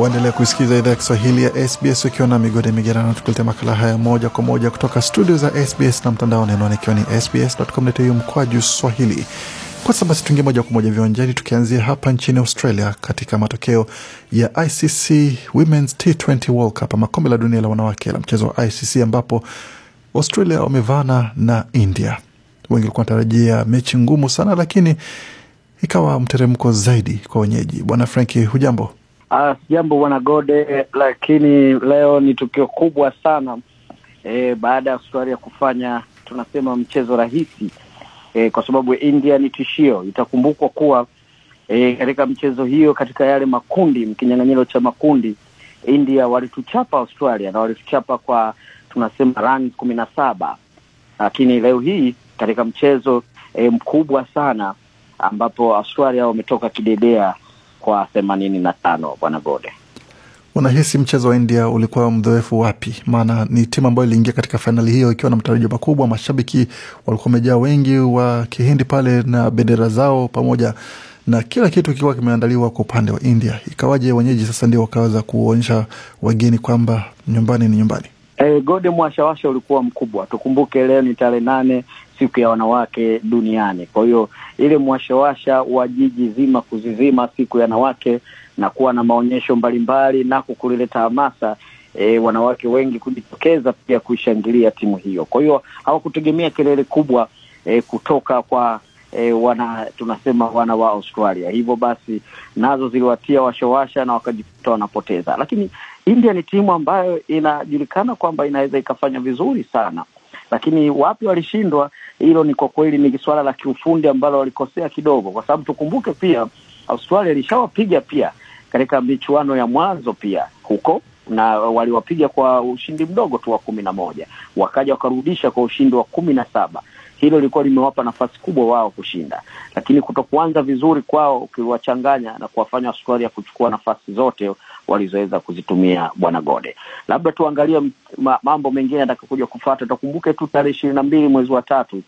Waendelea kuisikiza idhaa ya Kiswahili ya SBS ukiwa na migode migerano, tukuletea makala haya moja kwa moja kutoka studio za SBS na mtandao nenoni, ikiwa ni sbs.com.au mkwaju swahili. Kwa sasa basi, tuingie moja kwa moja viwanjani, tukianzia hapa nchini Australia katika matokeo ya ICC Women's T20 World Cup ama kombe la dunia la wanawake la mchezo wa ICC ambapo Australia wamevana na India. Wengi walikuwa wanatarajia mechi ngumu sana, lakini ikawa mteremko zaidi kwa wenyeji. Bwana Franki, hujambo? Ah, sijambo uh, bwana Gode, lakini leo ni tukio kubwa sana e, baada ya Australia kufanya tunasema mchezo rahisi e, kwa sababu India ni tishio. Itakumbukwa kuwa e, katika mchezo hiyo, katika yale makundi, kinyang'anyiro cha makundi, India walituchapa Australia na walituchapa kwa tunasema rani kumi na saba, lakini leo hii katika mchezo e, mkubwa sana ambapo Australia wametoka kidedea kwa themanini na tano. Bwana Gode, unahisi mchezo wa India ulikuwa mdhoefu wapi? Maana ni timu ambayo iliingia katika fainali hiyo ikiwa na matarajio makubwa, mashabiki walikuwa wamejaa wengi wa Kihindi pale na bendera zao pamoja na kila kitu kikiwa kimeandaliwa kwa upande wa India. Ikawaje wenyeji sasa ndio wakaweza kuonyesha wageni kwamba nyumbani ni nyumbani? E, Gode, mwashawasha ulikuwa mkubwa. Tukumbuke leo ni tarehe nane siku ya wanawake duniani. Kwa hiyo ile mwashawasha wa jiji zima kuzizima siku ya wanawake na kuwa na maonyesho mbalimbali nako kulileta hamasa E, wanawake wengi kujitokeza pia kuishangilia timu hiyo. Kwa hiyo hawakutegemea kelele kubwa e, kutoka kwa e, wana tunasema wana wa Australia. Hivyo basi nazo ziliwatia washawasha na wakajikuta wanapoteza, lakini India ni timu ambayo inajulikana kwamba inaweza ikafanya vizuri sana lakini wapi walishindwa, hilo ni kwa kweli ni swala la kiufundi ambalo walikosea kidogo, kwa sababu tukumbuke pia Australia ilishawapiga pia katika michuano ya mwanzo pia huko na waliwapiga kwa ushindi mdogo tu wa kumi na moja wakaja wakarudisha kwa ushindi wa kumi na saba hilo lilikuwa limewapa nafasi kubwa wao kushinda, lakini kutokuanza vizuri kwao ukiwachanganya na kuwafanya Australia kuchukua nafasi zote walizoweza kuzitumia Bwana Gode. Labda tuangalie mambo mengine atakakuja kufata. Tukumbuke tu tarehe ishirini na mbili mwezi wa tatu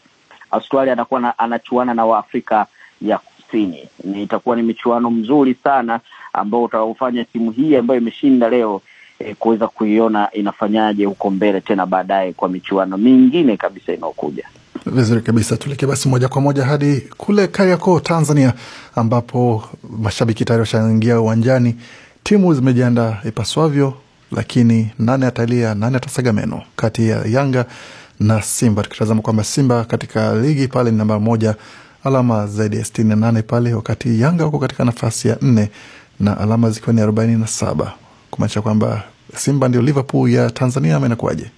Australia atakuwa anachuana na Waafrika ya Kusini. Ni itakuwa ni michuano mzuri sana ambao utaufanya timu hii ambayo imeshinda leo e, kuweza kuiona inafanyaje huko mbele tena baadaye kwa michuano mingine kabisa inayokuja. Vizuri kabisa, tuelekee basi moja kwa moja hadi kule Kariakoo, Tanzania, ambapo mashabiki tayari washaingia uwanjani Timu zimejiandaa ipaswavyo, lakini nani atalia, nani atasaga meno kati ya Yanga na Simba? Tukitazama kwamba Simba katika ligi pale ni namba moja, alama zaidi ya sitini na nane pale, wakati Yanga wako katika nafasi ya nne na alama zikiwa ni arobaini na saba kumaanisha kwamba Simba ndio Liverpool ya Tanzania ama inakuwaje?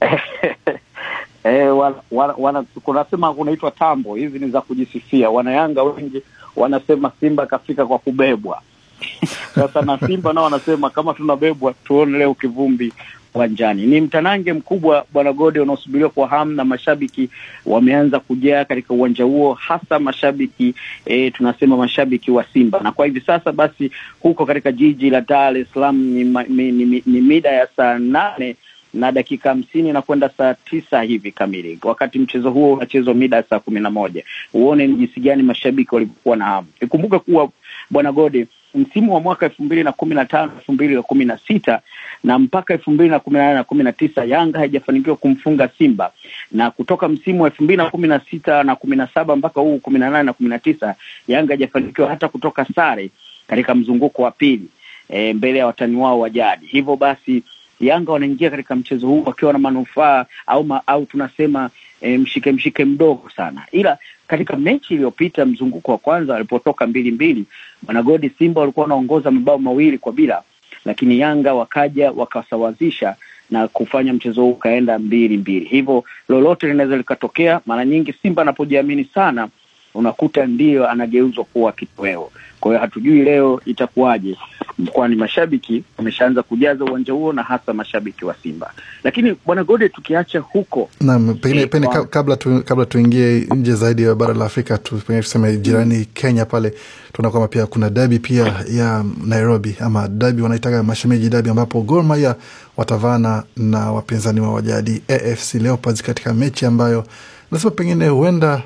E, wana, wana, kunasema kunaitwa tambo, hizi ni za kujisifia. Wanayanga wengi wanasema Simba kafika kwa kubebwa Sasa na Simba nao wanasema kama tunabebwa, tuone leo kivumbi uwanjani. Ni mtanange mkubwa bwana Gode, unaosubiriwa kwa hamu na mashabiki wameanza kujaa katika uwanja huo, hasa mashabiki e, tunasema mashabiki wa Simba. Na kwa hivi sasa basi huko katika jiji la Dar es Salaam ni, ni, ni, ni mida ya saa nane na dakika hamsini na kwenda saa tisa hivi kamili, wakati mchezo huo unachezwa mida ya saa kumi na moja. Uone ni jinsi gani mashabiki walivyokuwa na hamu. Ikumbuke kuwa bwana Gode msimu wa mwaka elfu mbili na kumi na tano elfu mbili na kumi na sita na mpaka elfu mbili na kumi na nane na kumi na tisa Yanga haijafanikiwa kumfunga Simba, na kutoka msimu wa elfu mbili na kumi na sita na kumi na saba mpaka huu kumi na nane na kumi na tisa Yanga haijafanikiwa hata kutoka sare katika mzunguko wa pili e, mbele ya watani wao wa jadi. Hivyo basi Yanga wanaingia katika mchezo huu wakiwa na manufaa au ma, au tunasema e, mshike mshike mdogo sana, ila katika mechi iliyopita mzunguko wa kwanza alipotoka mbili mbili, Wanagodi Simba walikuwa wanaongoza mabao mawili kwa bila, lakini Yanga wakaja wakasawazisha na kufanya mchezo huu ukaenda mbili mbili. Hivyo lolote linaweza likatokea. Mara nyingi Simba anapojiamini sana unakuta ndiyo anageuzwa kuwa kitoweo. Kwa hiyo hatujui leo itakuwaje, kwani mashabiki wameshaanza kujaza uwanja huo na hasa mashabiki wa Simba. Lakini bwana Gode, tukiacha huko naam, pengine pengine kwa... kabla tu, kabla tuingie nje zaidi ya bara la Afrika tu, pengine tuseme jirani mm. Kenya pale tuona kwamba pia kuna dabi pia ya Nairobi ama dabi wanaitaka mashemeji dabi, ambapo Gor Mahia watavana na wapinzani wa wajadi AFC Leopards katika mechi ambayo nasema pengine huenda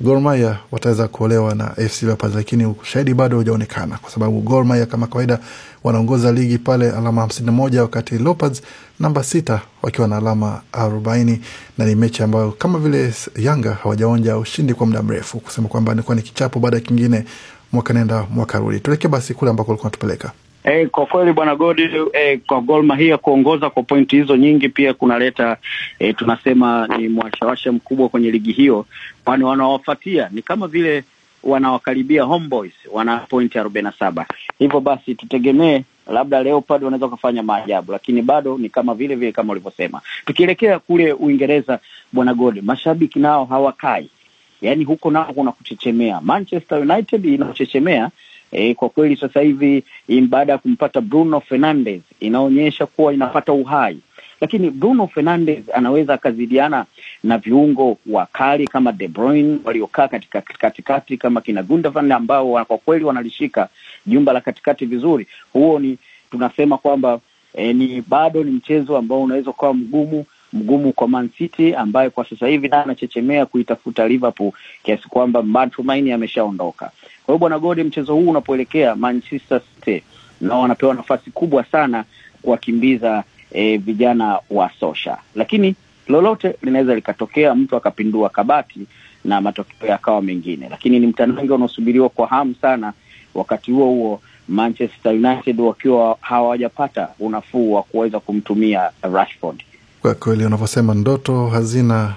Gor Mahia wataweza kuolewa na AFC Leopards, lakini ushahidi bado hujaonekana kwa sababu Gor Mahia kama kawaida wanaongoza ligi pale alama 51 wakati Leopards namba sita wakiwa na alama 40 na ni mechi ambayo kama vile Yanga hawajaonja ushindi kwa muda mrefu, kusema kwamba nilikuwa ni kichapo baada ya kingine, mwaka nenda mwaka rudi. Tuelekee basi kule ambako ulikuwa natupeleka. Eh, kwa kweli bwana Godi eh, kwa Gor Mahia kuongoza kwa pointi hizo nyingi pia kunaleta eh, tunasema ni mwashawasha mkubwa kwenye ligi hiyo, kwani wanawafuatia ni kama vile wanawakaribia Homeboys, wana pointi arobaini na saba. Hivyo basi tutegemee labda Leopard wanaweza kufanya maajabu, lakini bado ni kama vile vile kama ulivyosema. Tukielekea kule Uingereza, bwana Godi, mashabiki nao hawakai, yaani huko nao kuna kuchechemea. Manchester United inaochechemea E, kwa kweli sasa hivi baada ya kumpata Bruno Fernandes inaonyesha kuwa inapata uhai, lakini Bruno Fernandes anaweza akazidiana na viungo kali kama De Bruyne waliokaa katika katikati kama kina Gundogan ambao kwa kweli wanalishika jumba la katikati vizuri. Huo ni tunasema kwamba e, ni bado ni mchezo ambao unaweza ukawa mgumu mgumu kwa Man City ambaye kwa sasa hivi naye anachechemea kuitafuta Liverpool kiasi kwamba matumaini ameshaondoka. Kwa hiyo bwana Gode, mchezo huu unapoelekea Manchester City nao wanapewa nafasi kubwa sana kuwakimbiza e, vijana wa Sosha, lakini lolote linaweza likatokea, mtu akapindua kabati na matokeo yakawa mengine, lakini ni mtanange unaosubiriwa kwa hamu sana. Wakati huo huo Manchester United wakiwa hawajapata unafuu wa kuweza kumtumia Rashford. Kwa kweli unavyosema, ndoto hazina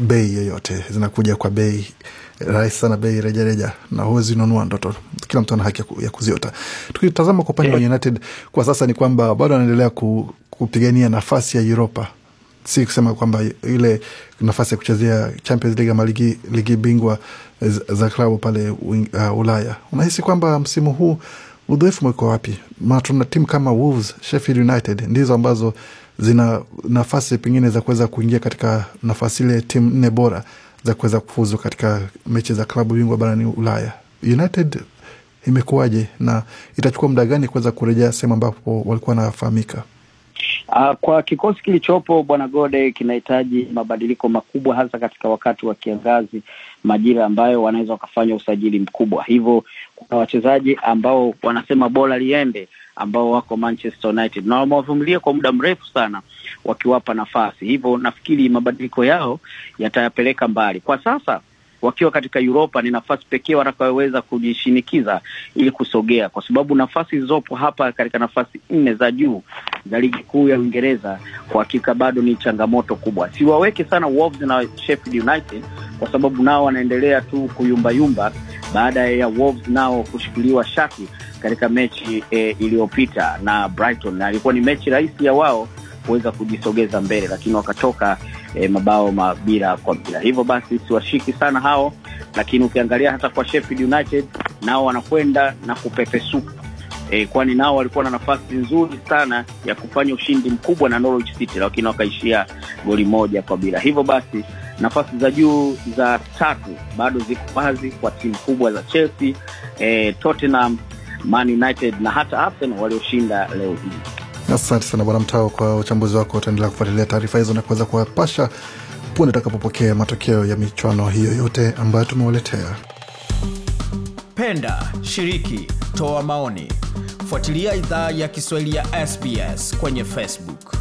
bei yoyote, zinakuja kwa bei rahisi sana, bei rejareja, na huwezi nunua ndoto. Kila mtu ana haki ya kuziota. Tukitazama kwa upande wa United kwa sasa ni kwamba bado anaendelea ku, kupigania nafasi ya Uropa, si kusema kwamba ile nafasi ya kuchezea Champions League ama ligi, ligi bingwa eh, za klabu pale uh, Ulaya. Unahisi kwamba msimu huu udhaifu mweko wapi? Maana tuna timu kama Wolves, Sheffield United ndizo ambazo zina nafasi pengine za kuweza kuingia katika nafasi ile timu nne bora za kuweza kufuzu katika mechi za klabu bingwa barani Ulaya. United imekuwaje na itachukua muda gani kuweza kurejea sehemu ambapo walikuwa wanafahamika? Uh, kwa kikosi kilichopo Bwana Gode kinahitaji mabadiliko makubwa, hasa katika wakati wa kiangazi, majira ambayo wanaweza wakafanya usajili mkubwa. Hivyo kuna wachezaji ambao wanasema bora liende, ambao wako Manchester United na wamewavumilia kwa muda mrefu sana, wakiwapa nafasi. Hivyo nafikiri mabadiliko yao yatayapeleka mbali. Kwa sasa wakiwa katika Uropa ni nafasi pekee watakayoweza kujishinikiza ili kusogea, kwa sababu nafasi zilizopo hapa katika nafasi nne za juu za ligi kuu ya Uingereza kwa hakika bado ni changamoto kubwa. Siwaweke sana Wolves na Sheffield United kwa sababu nao wanaendelea tu kuyumbayumba baada ya Wolves nao kushikiliwa shaki katika mechi e, iliyopita na Brighton, na ilikuwa ni mechi rahisi ya wao kuweza kujisogeza mbele, lakini wakatoka e, mabao mabira kwa bila. Hivyo basi siwashiki sana hao, lakini ukiangalia hata kwa Sheffield United nao wanakwenda na kupepesuka e, kwani nao walikuwa na nafasi nzuri sana ya kufanya ushindi mkubwa na Norwich City, lakini wakaishia goli moja kwa bila. Hivyo basi nafasi za juu za tatu bado ziko wazi kwa timu kubwa za Chelsea, e, Tottenham, Man United na hata Arsenal walioshinda leo hii. Asante sana Bwana Mtao kwa uchambuzi wako. Utaendelea kufuatilia taarifa hizo na kuweza kuwapasha punde utakapopokea matokeo ya michuano hiyo yote ambayo tumewaletea. Penda, shiriki, toa maoni, fuatilia idhaa ya Kiswahili ya SBS kwenye Facebook.